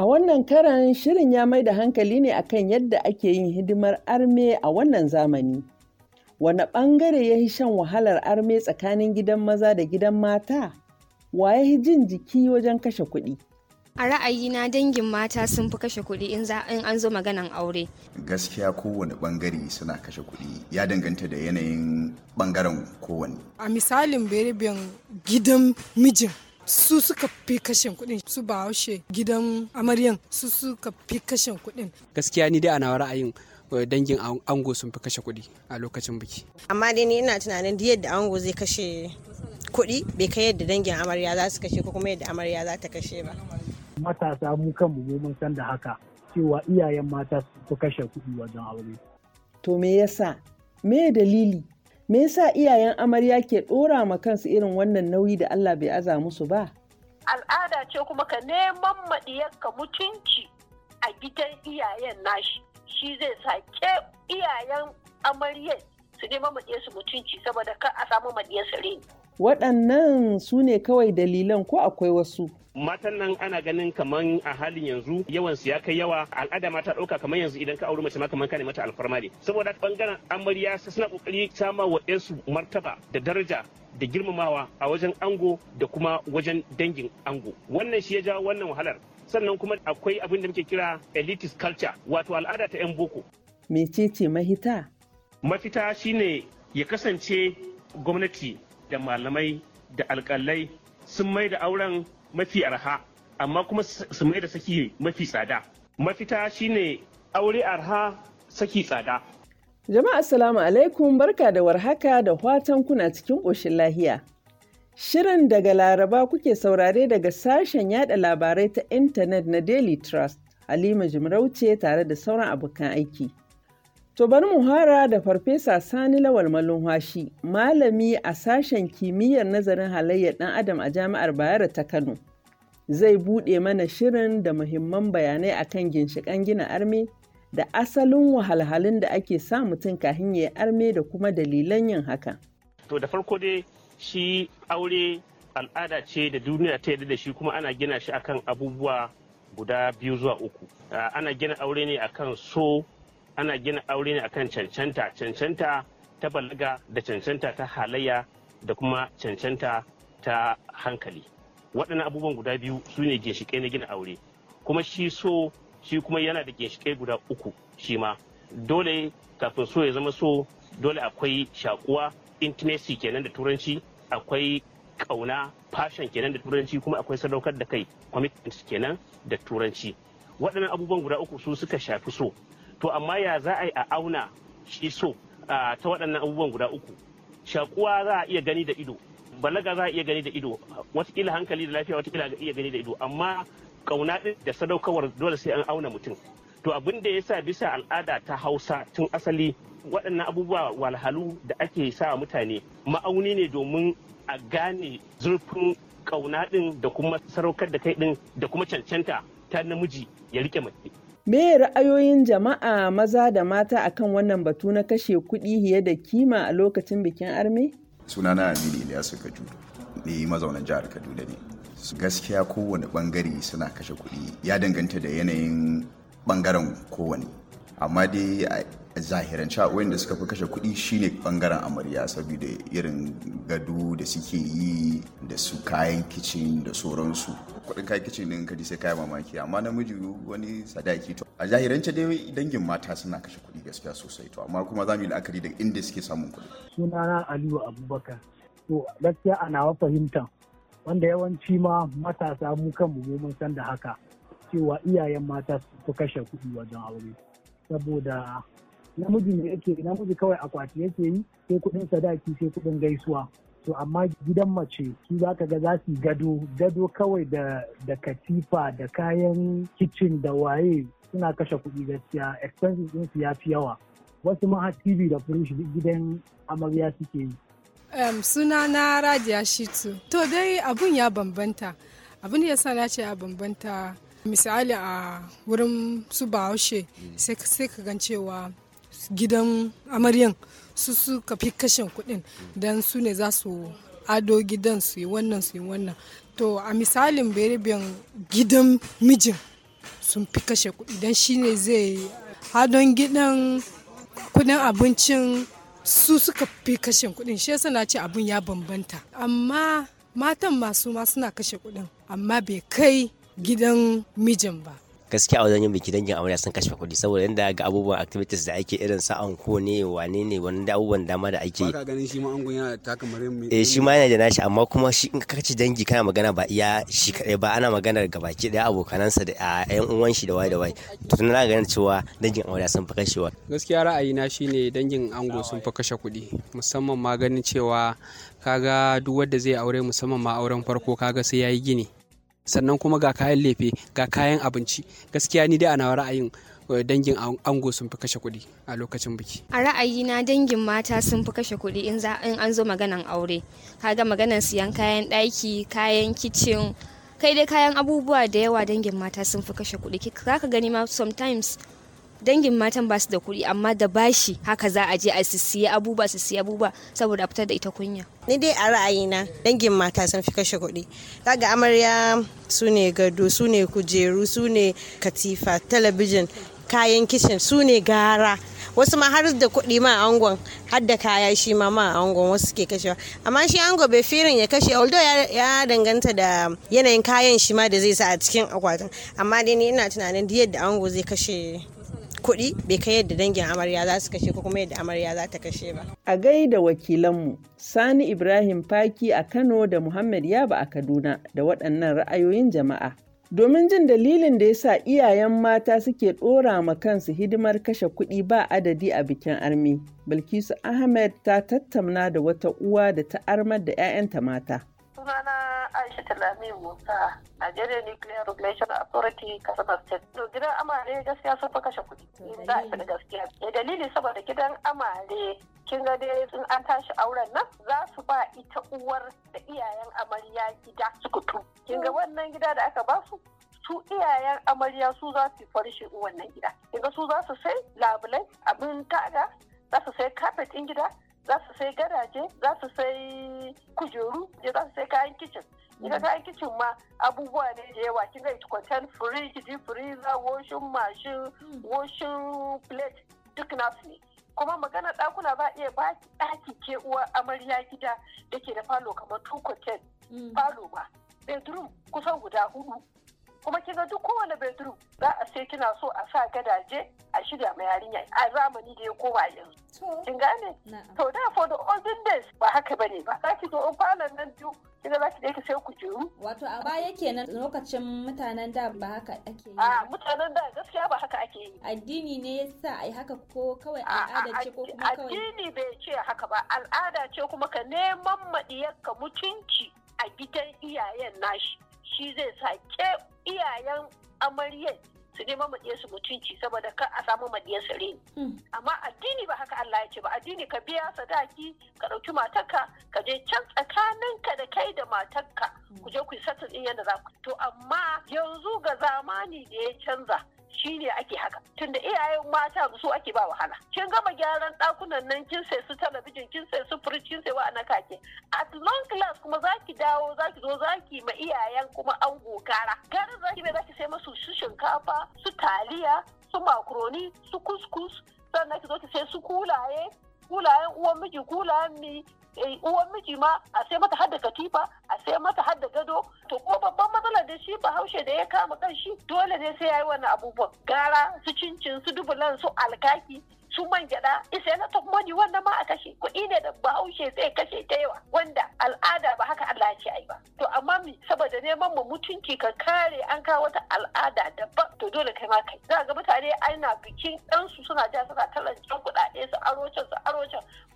A wannan karan shirin ya mai da hankali ne a kan yadda ake yin hidimar arme a wannan zamani. Wane ɓangare ya shan wahalar arme tsakanin gidan maza da gidan mata? Wa ya jin jiki wajen kashe kuɗi? A ra'ayina dangin mata sun fi kashe kuɗi in an zo maganan aure. Gaskiya kowane ɓangare suna kashe kuɗi ya danganta da yanayin ɓangaren kowane. A misalin berbin gidan mijin su suka fi kashen kuɗin su bahaushe gidan amaryan su suka fi kashen kuɗin gaskiya ni dai ana ra'ayin eh, dangin ango sun fi kashe kuɗi a lokacin biki amma dai ni ina tunanin da yadda ango zai kashe kuɗi bai kai yadda dangin amarya za su kashe ko kuma yadda amarya za ta kashe ba matasa mu kanmu mu mun san da haka cewa iyayen mata su kashe kuɗi wajen aure to me yasa me dalili Me yasa iyayen amarya ke ɗora ma kansu irin wannan nauyi da Allah bai aza musu ba? Al'ada ce kuma ka neman maɗiyarka mutunci a gidan iyayen nashi. Shi zai sake iyayen amaryar su neman maɗiyarsu mutunci saboda kar a samu maɗiyarsu reni. waɗannan su ne kawai dalilan ko akwai wasu matan nan ana ganin kaman a halin yanzu yawan su ya kai yawa al'ada ma ta dauka kamar yanzu idan ka auri mace ma kaman kane mata alfarma ne saboda bangaren amarya suna kokari sama wa su martaba da daraja da girmamawa a wajen ango da kuma wajen dangin ango wannan shi ya jawo wannan wahalar sannan kuma akwai abin da muke kira elitist culture wato al'ada ta yan boko mecece mahita mafita shine ya kasance gwamnati da malamai da alƙalai sun mai da auren mafi arha amma kuma su mai da saki mafi tsada mafita shine aure arha saki tsada jama'a assalamu alaikum barka da warhaka da watan kuna cikin ƙoshin lahiya Shirin daga Laraba kuke saurare daga sashen yada labarai ta intanet na Daily Trust, Halima Jimarauce tare da sauran abokan aiki. To bari mu hara da Farfesa Sani Lawal Malumhashi, malami a sashen kimiyyar nazarin halayyar ɗan Adam a Jami'ar Bayero ta Kano. Zai buɗe mana shirin da muhimman bayanai akan ginshikan gina arme da asalin wahalhalun da ake sa mutum kahin ya arme da kuma dalilan yin haka. To da farko dai shi aure al'ada ce da duniya ta yarda da shi kuma ana gina shi akan abubuwa guda biyu zuwa uku. Ah, ana gina aure ne akan so ana gina aure ne akan cancanta cancanta ta balaga da cancanta ta halayya da kuma cancanta ta hankali waɗannan abubuwan guda biyu su ne ginshiƙe na gina aure kuma shi so shi kuma yana da ginshiƙe guda uku shi ma dole kafin so ya zama so dole akwai shakuwa intimacy kenan da turanci akwai kauna fashion kenan da turanci kuma akwai sadaukar da kai commitment kenan da turanci waɗannan abubuwan guda uku su suka shafi so to amma ya za a yi a auna shi so ta waɗannan abubuwan guda uku shakuwa za a iya gani da ido balaga za a iya gani da ido watakila hankali da lafiya watakila a iya gani da ido amma kauna da sadaukarwar dole sai an auna mutum to abin da ya sa bisa al'ada ta hausa tun asali waɗannan abubuwa walhalu da ake sa mutane ma'auni ne domin a gane zurfin kauna da kuma sadaukar da kai din da kuma cancanta ta namiji ya rike mace Me ra'ayoyin jama'a maza da mata akan wannan batu na kashe kuɗi hiye da kima a lokacin bikin arme? Sunana Aminu Ilyasu Kajudu, ne mazaunan jihar Kaduna ne. Gaskiya kowane bangare suna kashe kuɗi ya danganta da yanayin bangaren kowane. amma dai a zahirance da suka fi kashe kuɗi shine bangaren amarya saboda irin gado da suke yi da su kayan kicin da sauransu kuɗin kayan kicin din kaji sai kayan mamaki amma namiji wani sadaki to a zahirance dai dangin mata suna kashe kuɗi gaskiya sosai to amma kuma za mu yi la'akari da inda suke samun kuɗi sunana aliyu abubakar to gaskiya a nawa fahimta wanda yawanci ma matasa mu mu mu san da haka cewa iyayen mata su kashe kuɗi wajen aure saboda namiji ne yake namiji kawai akwati yake yi sai kuɗin sadaki sai kuɗin gaisuwa to amma gidan mace su za ka ga za su gado gado kawai da da katifa da kayan kicin da waye suna kashe kuɗi gaskiya expenses su ya fi yawa wasu ma tv da firish gidan amarya suke yi um, suna na rajiya shi to dai abun ya bambanta abun ya sa na ce ya bambanta misali a wurin su bahaushe sai ka gan cewa gidan amaryan su suka fi kashin kudin don su ne za su ado gidan su yi wannan su yi wannan to a misalin beribiyan gidan mijin sun fi kashe kuɗi don shi ne zai hadon gidan kuɗin abincin su suka fi kashe kuɗi shi yasa na ce abin ya bambanta amma matan masu ma suna kashe kuɗin amma bai kai gidan mijin ba gaskiya a wajen yin biki dangin amarya sun kashe kuɗi saboda yanda ga abubuwan activities da ake irin sa ko ne wane ne wani da abubuwan dama da ake ka ganin shi ma gunya yana taka marin eh shi ma yana da nashi amma kuma shi in ka kace dangi kana magana ba iya shi kadai ba ana maganar gabaki daya abokanansa da ah, ƴan uwan shi da wai da wai to tun na ganin cewa dangin amarya sun fi kashewa gaskiya ra'ayi na shi ne dangin ango sun fi kashe kuɗi musamman ma ganin cewa kaga duk wanda zai aure musamman ma auren farko kaga sai yayi gini sannan kuma ga kayan lefe ga kayan abinci gaskiya ni dai ana ra'ayin eh, dangin ango sun fi kashe kuɗi a lokacin biki. A ra'ayina dangin mata sun fi kashe kuɗi in an zo maganan aure. Kaga maganan siyan kayan ɗaki, kayan kicin, kai dai kayan abubuwa da yawa dangin mata sun fi kashe kuɗi. Kaka gani ma sometimes dangin matan ba su da kuɗi amma da bashi haka za a je a siya abubuwa su siya abubuwa saboda fitar da ita kunya ni dai a ra'ayina dangin mata sun fi kashe kuɗi kaga amarya su ne gado su ne kujeru su ne katifa talabijin kayan kicin su ne gara wasu ma har da kuɗi ma angon har da kaya shi ma ma angon wasu suke kashewa amma shi ango bai firin ya kashe although ya, danganta da yanayin kayan shi ma da zai sa a cikin akwatin amma dai ni ina tunanin yadda ango zai kashe kuɗi bai kai yadda dangin amarya za su kashe ko kuma yadda amarya za ta kashe ba. A gaida wakilanmu Sani Ibrahim Faki a Kano da Muhammad Yaba a Kaduna da waɗannan ra'ayoyin jama'a. Domin jin dalilin da ya sa iyayen mata suke ɗora ma kansu hidimar kashe kuɗi ba adadi a bikin armi, Bilkisu Ahmed ta tattamna da wata uwa da ta armar da 'ya'yanta mata. sunana Aisha Talami Musa, a jere Nuclear Regulation Authority, Katsina State. To gidan amare gaskiya sun fa kashe kuɗi. In za a gaskiya. dalili saboda gidan amare kin ga dai sun an tashi auren nan za su ba ita uwar da iyayen amarya gida sukutu. Kin ga wannan gida da aka ba su su iyayen amarya su za su farshe wannan gida. Kin ga su za su sai labulai, abin taga, za su sai kafet ɗin gida, za su sai gadaje za su sai kujeru za su sai kayan kicin ita mm. kayan kicin ma abubuwa ne da yawa kin ga kwatan fridge deep freezer washing machine mm. washing plate duk nasu ne kuma magana ɗakuna ba iya ba ɗaki ke uwa amarya gida da ke da falo kamar two mm. falo ma bedroom kusan guda hudu kuma kin ga duk kowane bedroom za a sai kina so a sa gadaje a shirya ma yarinya a zamani da ya koma yanzu kin gane to da for the olden days ba haka bane ba za ki zo in falon nan biyu. kina za ki je ki sai kujeru wato a baya kenan lokacin mutanen da ba haka ake yi a mutanen da gaskiya ba haka ake yi addini ne yasa ai haka ko kawai al'ada ce ko kuma kawai addini bai ce haka ba al'ada ce kuma ka neman madiyar ka mutunci a gidan iyayen nashi shi zai sake iyayen amaryar su nema su mutunci saboda kar a samu maɗiyarsu reni. Hmm. Amma addini ba haka Allah ya ce ba addini ka biya sadaki ka ɗauki matarka ka je can tsakaninka da kai da matarka hmm. ku je ku yi satin yadda za ku. To amma yanzu ga zamani da ya canza shi ne ake haka tunda iyayen mata su ake ba wahala kin gama gyaran dakunan nan kin sai su talabijin kin sai su firij kin sai kake at long class kuma zaki dawo zaki zo zaki ma iyayen kuma an gokara garin zaki bai zaki sai masu su shinkafa su taliya su makaroni su kuskus sannan ki zo ki sai su kulaye kulayen uwan miji kulayen mi Eh, uwan miji ma a sai mata hadda katifa a sai mata hadda gado to ko babban matsalar da shi bahaushe da ya kama kan shi dole ne sai yayi wannan abubuwan gara su cincin su dubulan su alkaki su man gyada isa na top money wannan ma a kashe kuɗi ne da bahaushe zai kashe ta yawa wanda al'ada ba haka Allah ya ce ai ba to amma mi saboda neman mu mutunci ka kare an kawo wata al'ada daban to dole kai ma kai za ga mutane ana bikin ɗansu suna ja suna talan kuɗaɗe su aro can su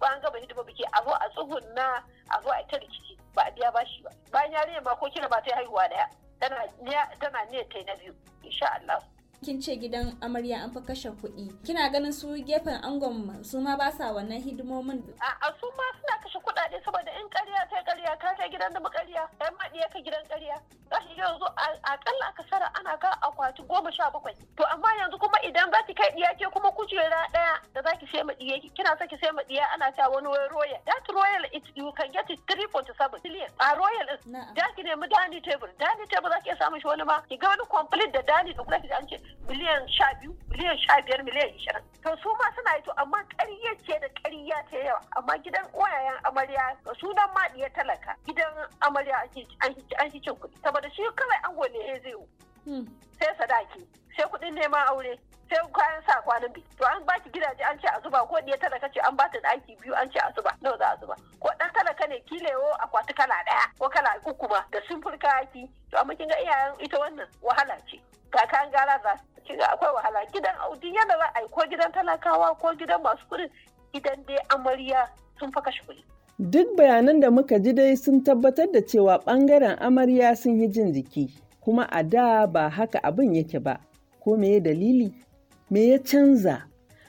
ba an gaba hidima biki a zo a tsugunna a zo a ta rikici ba a biya bashi ba bayan yarinyar ma ko kira ba ta haihuwa daya tana niyar ta ta na biyu insha Allah kin ce gidan amarya an fi kashe kuɗi kina ganin su gefen angon su ma ba sa wannan hidimomin a su ma suna kashe kuɗaɗe saboda in ƙarya ta ƙarya ka kai gidan da ƙarya ɗan maɗi ya ka gidan ƙarya za shi yanzu ƙalla aka sara ana ga akwati goma sha bakwai to amma yanzu kuma idan za ki kai ɗiya ke kuma kujera ɗaya da za ki sai ma kina so ki sai ma ana ta wani royal that royal it you can get it 3.7 billion a royal is za ki nemi dani table dani table za ki iya samun shi wani ma ki ga wani complete da dani da kuma ki an ce miliyan sha biyu miliyan sha biyar miliyan ishirin to su ma suna yi to amma ƙarya ce da ƙarya ta yawa amma gidan ƙwayayen amarya ga sunan ma ɗiya talaka gidan amarya an ci cin kuɗi saboda shi kawai ango ne zai Hmm. sai sadaki sai kuɗin neman aure sai kayan sa kwanan bi to an baki gidaje an ce a zuba ko diya talaka ce an bata ɗaki biyu an ce a zuba nawa za a zuba ko dan talaka ne kilewo akwati kala daya ko kala uku ma da sun kayaki to amma kin ga iyayen ita wannan wahala ce ga kayan gara za ga akwai wahala gidan audi yana za a yi ko gidan talakawa ko gidan masu kudin idan dai amarya sun fa kashe kuɗi. Duk bayanan da muka ji dai sun tabbatar da cewa ɓangaren amarya sun yi jin jiki. kuma a da ba haka abin yake ba ko me ya dalili me ya canza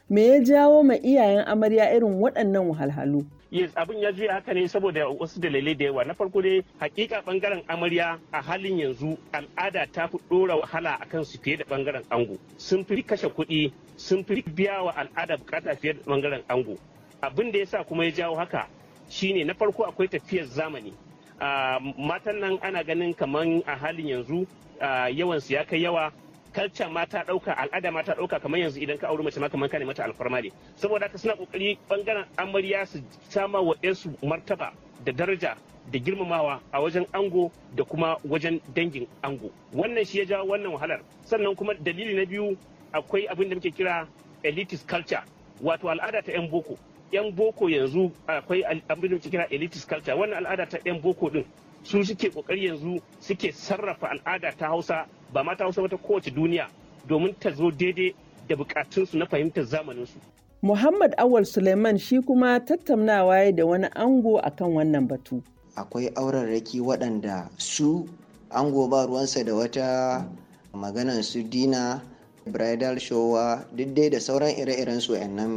me ya jawo ma iyayen amarya irin waɗannan wahalhalu yes abin ya juya haka ne saboda wasu dalilai da yawa na farko dai hakika bangaren amarya a halin yanzu al'ada ta fi ɗora wahala akan su fiye da bangaren ango sun fi kashe kuɗi sun fi biya wa al'ada bukata fiye da bangaren ango abin da ya sa kuma ya jawo haka shine na farko akwai tafiyar zamani Ah, matan nan ana ganin kamar a halin yanzu ah, yawansu ya kai yawa kalcan ma ta dauka al'ada ma ta dauka kamar yanzu idan ka auri mace ma kamar ka ne mata alfarma ne saboda haka suna kokari bangaren amarya su sama wa su martaba da daraja da girmamawa a wajen ango da kuma wajen dangin ango wannan shi ya jawo wannan wahalar sannan kuma dalili na biyu akwai abin da muke kira elitist culture wato al'ada ta 'yan boko yan boko yanzu akwai abin da kira elitist culture wannan al'ada ta yan boko din su suke kokari yanzu suke sarrafa al'ada ta hausa ba ma ta hausa ba ta kowace duniya domin ta zo daidai da bukatunsu na fahimtar su Muhammad Awal Suleiman shi kuma tattaunawa ya da wani ango akan wannan batu. Akwai aurarraki waɗanda su ango ba ruwansa da wata maganan su dina, bridal showa, duk dai da sauran ire-iren su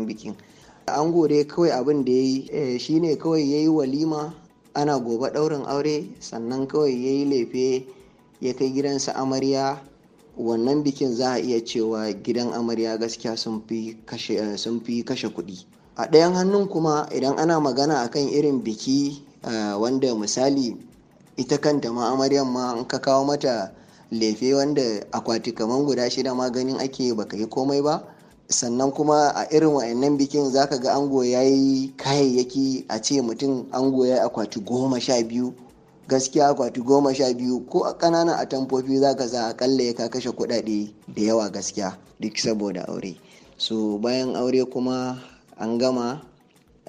bikin. da dai kawai abin da ya yi eh, shine kawai ya yi walima ana gobe ɗaurin aure sannan kawai ya yi lefe ya kai gidansa amarya wannan bikin za a iya cewa gidan amarya gaskiya sun fi kashe eh, kuɗi a ɗayan hannun kuma idan ana magana akan irin biki eh, wanda misali ita kanta ma amaryan ma in ka kawo mata lefe wanda akwati kaman guda shida ma ake baka yi komai ba sannan kuma a irin wa'annan bikin za ka ga ango ya yi kayayyaki a ce mutum ango ya yi akwati goma sha biyu gaskiya akwati goma sha biyu ko a ƙananan atamfofi za ka za akalla ya ka kashe kuɗaɗe da yawa gaskiya duk saboda aure so bayan aure kuma an gama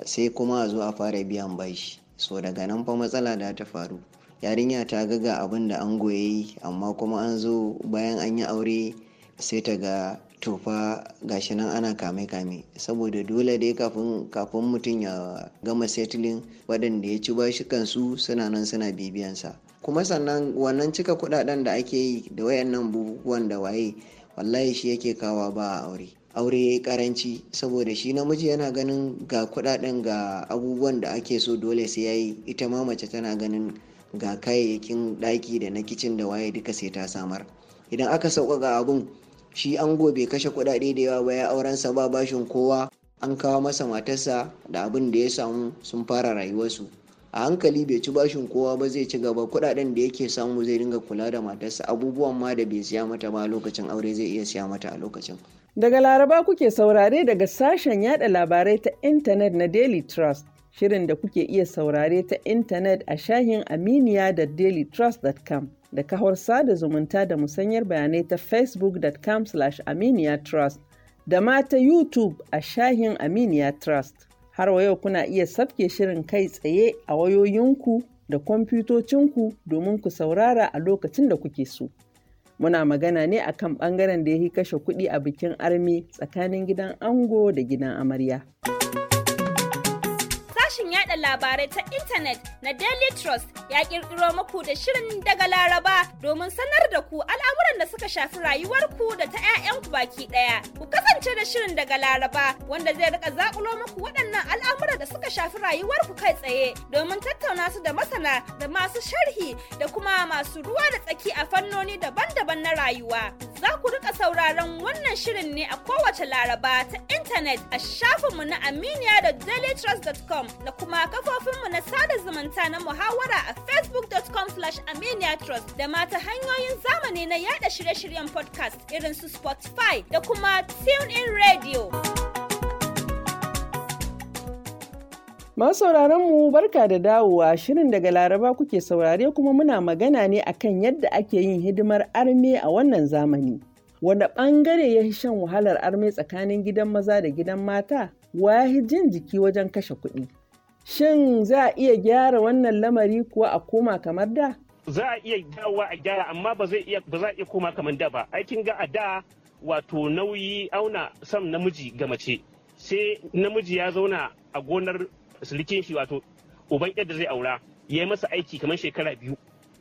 sai kuma a zo a fara biyan bashi so daga nan fa matsala da ta faru yarinya ta ga ga abin da ango ya yi amma kuma an zo bayan an yi aure sai ta ga to fa gashi nan ana kame kame saboda dole dai kafin mutum ya gama settling waɗanda ya ci bashi kansu suna nan suna bibiyansa kuma sannan wannan cika kuɗaɗen da ake yi da wayannan bukukuwan da waye wallahi shi yake kawa ba a aure aure ya yi karanci saboda shi namiji yana ganin ga kudaden ga abubuwan da ake so dole sai ya yi ita ma mace tana ganin ga kayayyakin daki da na kicin da waye duka sai ta samar idan aka sauƙaƙa abun shi ango bai kashe kudade da yawa ba ya aurensa ba bashin kowa an kawo masa matarsa da abin da ya samu sun fara rayuwarsu a hankali bai ci bashin kowa ba zai ci gaba kudaden da yake samu zai dinga kula da matarsa abubuwan ma da bai siya mata ba lokacin aure zai iya siya mata a lokacin daga laraba kuke saurare daga sashen yada labarai ta intanet na daily trust shirin da kuke iya saurare ta intanet a shahin aminiya da dailytrust.com da kahor sada zumunta da musanyar bayanai ta facebookcom aminiya da ma ta youtube a shahin aminiya trust har wa yau kuna iya sabke shirin kai tsaye a wayoyinku da kwamfutocinku domin ku saurara a lokacin da kuke so. Muna magana ne a kan ɓangaren da ya yi kashe kuɗi a bikin armi tsakanin gidan ango da gidan amarya. yada labarai ta intanet na Daily Trust ya kirkiro muku da shirin daga Laraba domin sanar da ku al'amuran da suka shafi rayuwar ku da ta yayan ku baki daya. Ku kasance da shirin daga Laraba wanda zai rika zakulo muku waɗannan al'amuran da suka shafi rayuwarku kai tsaye domin tattauna su da masana da masu sharhi da kuma masu ruwa da tsaki a fannoni daban-daban na rayuwa. Za ku rika sauraron wannan shirin ne a kowace Laraba ta intanet a shafinmu na aminiya da dailytrust.com da kuma kuma kafofinmu na sada zumunta na muhawara a facebook.com slash aminiatrust da mata hanyoyin zamani na yada shirye-shiryen podcast irin su Spotify da kuma in Radio. sauraron mu barka da dawowa shirin daga laraba kuke saurare kuma muna magana ne akan yadda ake yin hidimar arme a wannan zamani. Wanda ɓangare ya shan wahalar arme tsakanin gidan maza da gidan mata, wa ya jin jiki wajen kashe kuɗi. Shin za a iya gyara wannan lamari kuwa a koma kamar da? Za a iya dawowa a gyara amma ba za a iya koma kamar da ba. Aikin ga a da wato nauyi auna sam namiji ga mace. Sai namiji ya zauna a gonar silikin shi wato uban yadda zai aura ya yi masa aiki kamar shekara biyu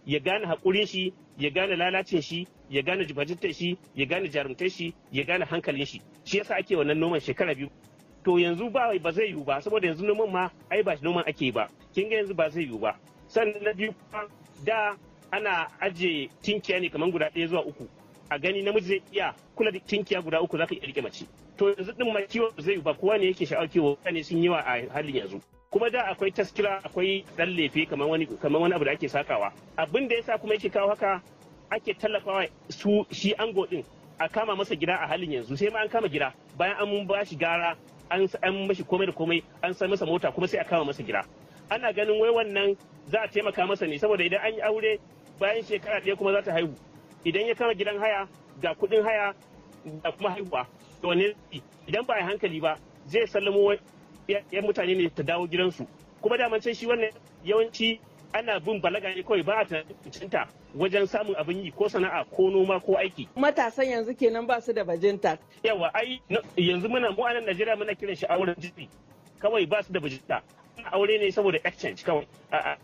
ya gane haƙurin shi ya gane lalacin shi ya gane jibajintar shi ya gane jarumtar shi ya gane hankalin shi shi yasa ake wannan noman shekara biyu to yanzu ba ba zai yiwu ba saboda yanzu noman ma ai ba noman ake ba kin ga yanzu ba zai yiwu ba sannan na biyu da ana aje tinkiya ne kamar guda ɗaya zuwa uku a gani namiji zai iya kula da tinkiya guda uku zaka iya rike mace to yanzu din ma kiwo zai yiwu ba kowa ne yake sha'awar kiwo ne sun yi yawa a halin yanzu kuma da akwai taskira akwai dan lefe kamar wani abu da ake sakawa abin da sa kuma yake kawo haka ake tallafawa su shi ango din a kama masa gida a halin yanzu sai ma an kama gida bayan an ba shi gara an an mashi komai da komai an san masa mota kuma sai a kama masa gida ana ganin wai wannan za a taimaka masa ne saboda idan an yi aure bayan shekara ɗaya kuma za ta haihu idan ya kama gidan haya ga kuɗin haya da kuma haihuwa to ne idan ba a hankali ba zai sallamo yan mutane ne ta dawo gidansu kuma daman sai shi wannan yawanci ana bin balaga ne kawai ba a tantancinta wajen samun abin yi ko sana'a ko noma ko aiki. Matasan yanzu kenan ba su da bajinta. Yawa ai yanzu muna mu anan Najeriya muna kiran shi auren jiki kawai ba su da bajinta. Aure ne saboda exchange kawai a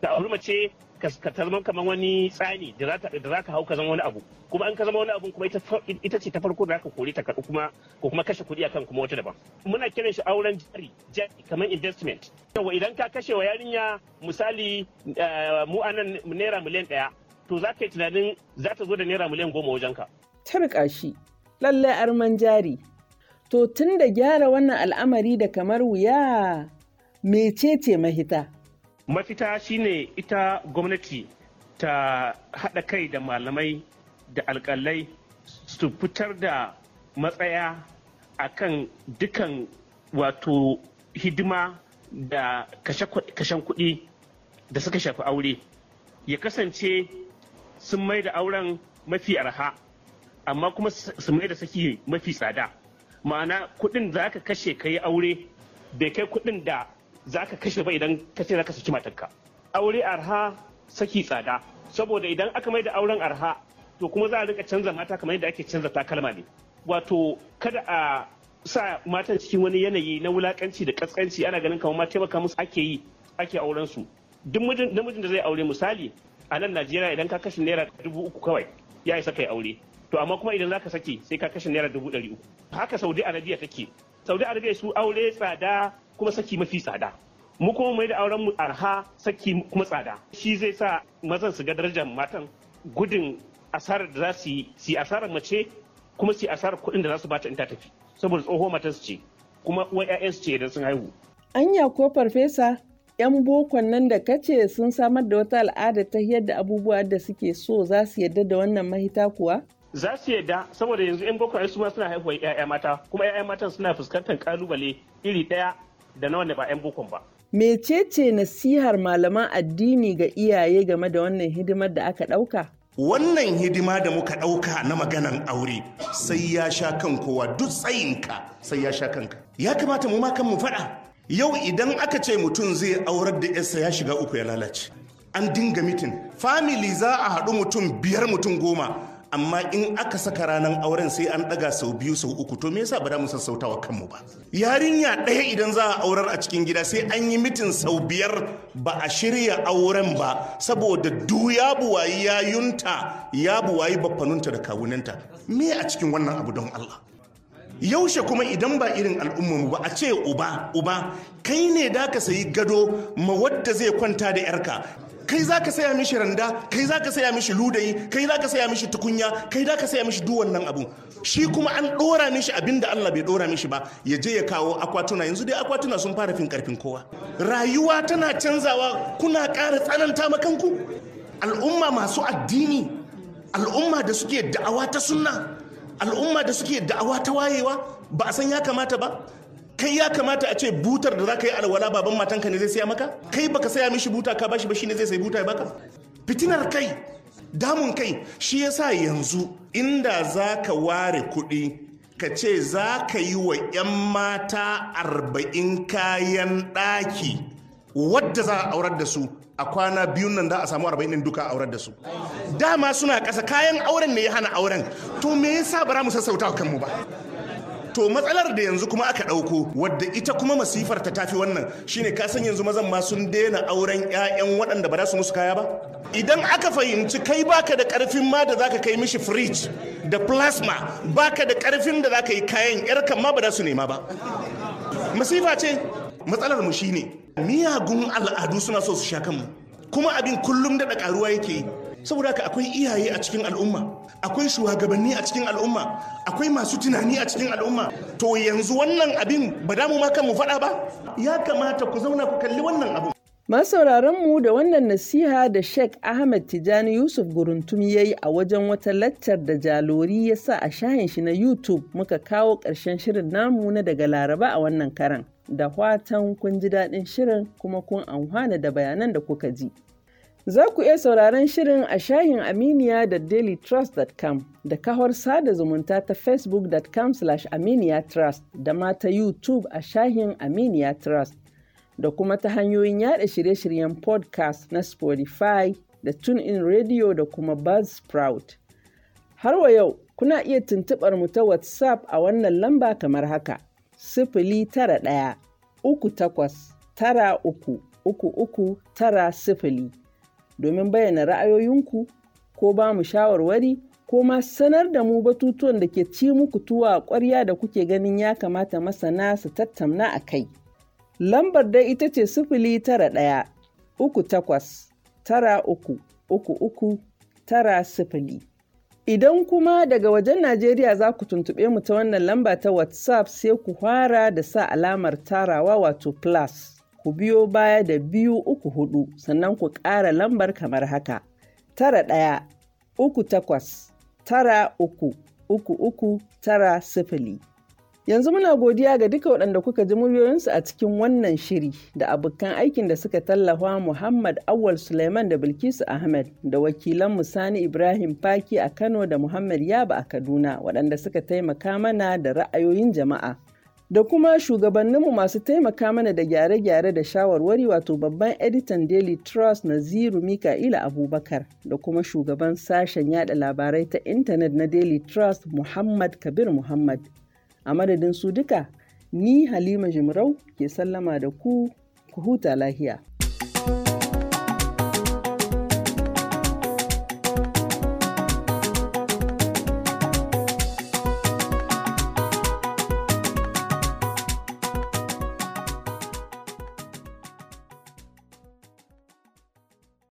da auri mace ka zama kamar wani tsani da za ka hau ka zama wani abu kuma an ka zama wani abu kuma ita ce ta farko da aka kore ta ko kuma kashe kuɗi akan kuma wata daban muna kiran shi auren jari jari kamar investment yawa idan ka kashe wa yarinya misali eh, mu anan naira miliyan ɗaya to za ka yi tunanin za ta zo da naira miliyan goma ta riƙa shi lallai arman jari to tun da gyara wannan al'amari da kamar wuya mecece mahita. mafita shine ita gwamnati ta haɗa kai da malamai da alƙalai su fitar da matsaya a kan dukan wato hidima da kashen kuɗi da suka shafi aure ya kasance sun mai da auren mafi arha amma kuma su mai da saki mafi tsada ma'ana kuɗin za ka kashe ka yi aure bai kai kuɗin da za ka kashe ba idan ka ce za ka saki matarka aure arha saki tsada saboda idan aka mai da auren arha to kuma za a rika canza mata kamar yadda ake canza takalma ne wato kada a sa matan cikin wani yanayi na wulakanci da kaskanci ana ganin kamar ma taimaka musu ake yi ake auren su duk namijin da zai aure misali a nan najeriya idan ka kashe naira dubu uku kawai ya isa kai aure to amma kuma idan za ka saki sai ka kashe naira dubu ɗari uku haka saudi arabiya take saudi arabiya su aure tsada kuma saki mafi tsada mu kuma mai da auren mu arha saki kuma tsada shi zai sa mazan su ga darajar matan gudun asarar da za su yi asarar mace kuma su asarar kuɗin da za su bata in ta tafi saboda tsoho matan su ce kuma ƴaƴan su ce idan sun haihu anya ko farfesa 'yan bokon nan da kace sun samar da wata al'ada ta yadda abubuwa da suke so za su yadda da wannan mahita kuwa? Za su yadda saboda yanzu 'yan bokon su ma suna haihuwar 'ya'ya mata kuma 'ya'ya matan suna fuskantar kalubale iri ɗaya da na wanda ba 'yan bukun ba. Mecece nasihar malaman addini ga iyaye game da wannan hidimar da aka ɗauka? Wannan hidima da muka ɗauka na maganan aure sai ya sha kan kowa duk tsayinka sai ya sha kanka. Ya kamata mu kan mu faɗa. Yau idan aka ce mutum zai aurar da yarsa ya shiga uku ya lalace. An dinga mitin. Famili za a haɗu mutum biyar mutum goma amma in aka saka ranar auren sai an daga sau biyu sau uku to me yasa ba mu sassauta wa kanmu ba yarinya ɗaya idan za a aurar a cikin gida sai an yi mitin sau biyar ba a shirya auren ba saboda du ya buwayi yayunta ya buwayi baffanunta da kawunanta me a cikin wannan abu don Allah yaushe kuma idan ba irin al'ummarmu ba a ce uba uba kai ne da ka sayi gado ma wadda zai kwanta da yarka kai za ka saya mishi randa kai za ka saya mishi ludayi kai za ka saya mishi tukunya kai za ka saya mishi duk wannan abu shi kuma an dora mishi abin da Allah bai dora mishi ba ya je ya kawo akwatuna yanzu dai akwatuna sun fara fin karfin kowa rayuwa tana canzawa kuna ƙara tsananta makanku al'umma masu addini al'umma da suke da'awa ta sunna al'umma da suke da'awa ta wayewa ba a san ya kamata ba kai ya kamata a ce butar da za ka yi alwala baban matanka ne zai saya maka kai baka saya mishi buta ka bashi ba shine zai sai buta ya baka fitinar kai damun kai shi yasa yanzu inda za ka ware kuɗi ka ce za ka yi wa 'yan mata arba'in kayan ɗaki wadda za a aurar da su a kwana biyu nan da a samu arba'in din duka auren da su dama suna ƙasa kayan auren ne ya hana auren to me yasa ba mu sassauta kanmu ba to matsalar da yanzu kuma aka ɗauko wadda ita kuma masifar ta tafi wannan shine ka san yanzu mazan ma sun daina auren 'ya'yan waɗanda ba za su musu kaya ba idan aka fahimci kai baka da ƙarfin ma da zaka kai mishi fridge da plasma baka da ƙarfin da zaka yi kayan ƴar ma ba za su nema ba masifa ce matsalar mu shine miyagun al'adu suna so su sha kanmu kuma abin kullum daɗa ƙaruwa yake yi saboda ka akwai iyaye a cikin al'umma akwai shugabanni a cikin al'umma akwai masu tunani a cikin al'umma to yanzu wannan abin ba damu ma kan mu faɗa ba ya kamata ku zauna ku kalli wannan abu Masauraran mu da wannan nasiha da Sheikh Ahmad Tijani Yusuf Guruntum ya yi a wajen wata laccar da jalori ya sa a shahin shi na YouTube muka kawo ƙarshen shirin namu na daga Laraba a wannan karan. da watan kun ji daɗin shirin kuma kun amfana da bayanan da kuka ji. Za ku iya sauraron shirin a shahin Aminiya da dailytrust.com da kahor sada zumunta ta facebook.com aminiya trust da ma ta YouTube a shahin Aminiya Trust da kuma ta hanyoyin yaɗa shirye-shiryen podcast na Spotify da TuneIn Radio da kuma Buzzsprout. Har wa yau, kuna iya tuntuɓar mu ta WhatsApp a wannan lamba kamar haka sifili tara ɗaya uku takwas tara uku uku uku tara sifili domin bayyana ra'ayoyinku ko ba mu shawarwari ko ma sanar da mu batutuwan da ke ci muku tuwa ƙwarya da kuke ganin ya kamata masana su tattauna a kai. Lambar dai ita ce sifili tara ɗaya uku takwas tara uku uku uku tara sifili. Idan kuma daga wajen Najeriya za ku tuntuɓe mu ta wannan lamba ta WhatsApp sai ku fara da sa alamar tarawa wato plus ku biyo baya da biyu uku hudu sannan ku ƙara lambar kamar haka. Tara ɗaya, uku takwas, tara uku, uku uku tara sifili. Yanzu muna godiya ga duka waɗanda kuka ji muryoyinsu a cikin wannan shiri da abokan aikin da suka tallafa Muhammad Awal Suleiman da Bilkisu Ahmed da wakilan Sani Ibrahim Faki a Kano da Muhammad Yaba a Kaduna waɗanda suka taimaka mana da ra'ayoyin jama'a. Da kuma shugabanninmu masu taimaka mana da gyare-gyare da shawarwari wato babban editan Daily Trust Naziru Mika'ila Abubakar da kuma shugaban sashen yada labarai ta intanet na Daily Trust Muhammad Kabir Muhammad. A madadin su duka, ni Halima Jimarau ke sallama da ku, ku huta lahiya.